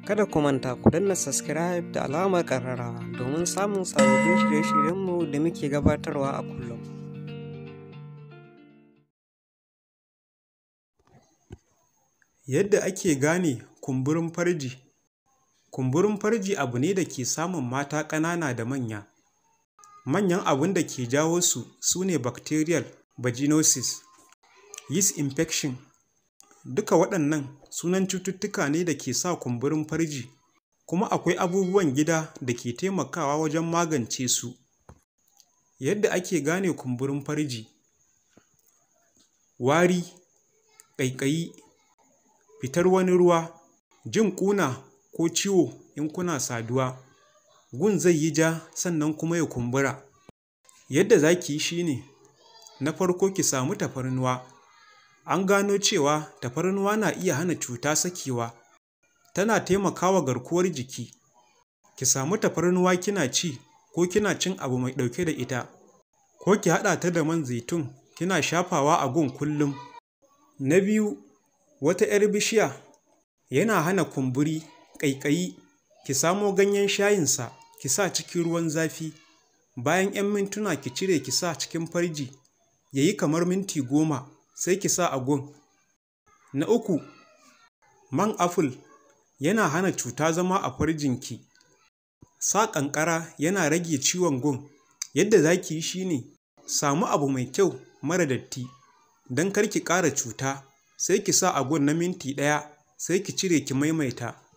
Kada ku manta ku danna subscribe da alamar ƙararrawa domin samun sababbin shirye-shiryenmu da muke gabatarwa a kullum. Yadda ake gane kumburin farji Kumburin farji abu ne da ke samun mata ƙanana da manya. Manyan abin da ke jawo su sune ne bacterial vaginosis, yeast infection Duka waɗannan sunan cututtuka ne da ke sa kumburin farji, kuma akwai abubuwan gida da ke taimakawa wajen magance su. Yadda ake gane kumburin farji: Wari, ƙaiƙayi, fitar wani ruwa, jin ƙuna ko ciwo in kuna saduwa, gun zai yi ja sannan kuma ya kumbura. Yadda za ki yi shi ne, na farko ki samu tafarnuwa An gano cewa tafarnuwa na iya hana cuta sakewa, tana taimakawa garkuwar jiki. Ki samu tafarnuwa kina ci ko kina cin abu mai ɗauke da ita, ko ki haɗa ta da man zaitun kina shafawa a gun kullum. Na biyu, wata 'yar bishiya yana hana kumburi, ƙaiƙayi. Ki samo ganyen shayinsa ki sa cikin ruwan zafi, bayan 'yan mintuna ki cire ki sa cikin farji, yayi kamar minti goma. sai ki sa a gun. Na uku, man aful yana hana cuta zama a ki. Sa ƙanƙara yana rage ciwon gun. Yadda za ki yi shi ne, samu abu mai kyau mara datti, don kar ki ƙara cuta, sai ki sa a gun na minti ɗaya, sai ki cire ki maimaita.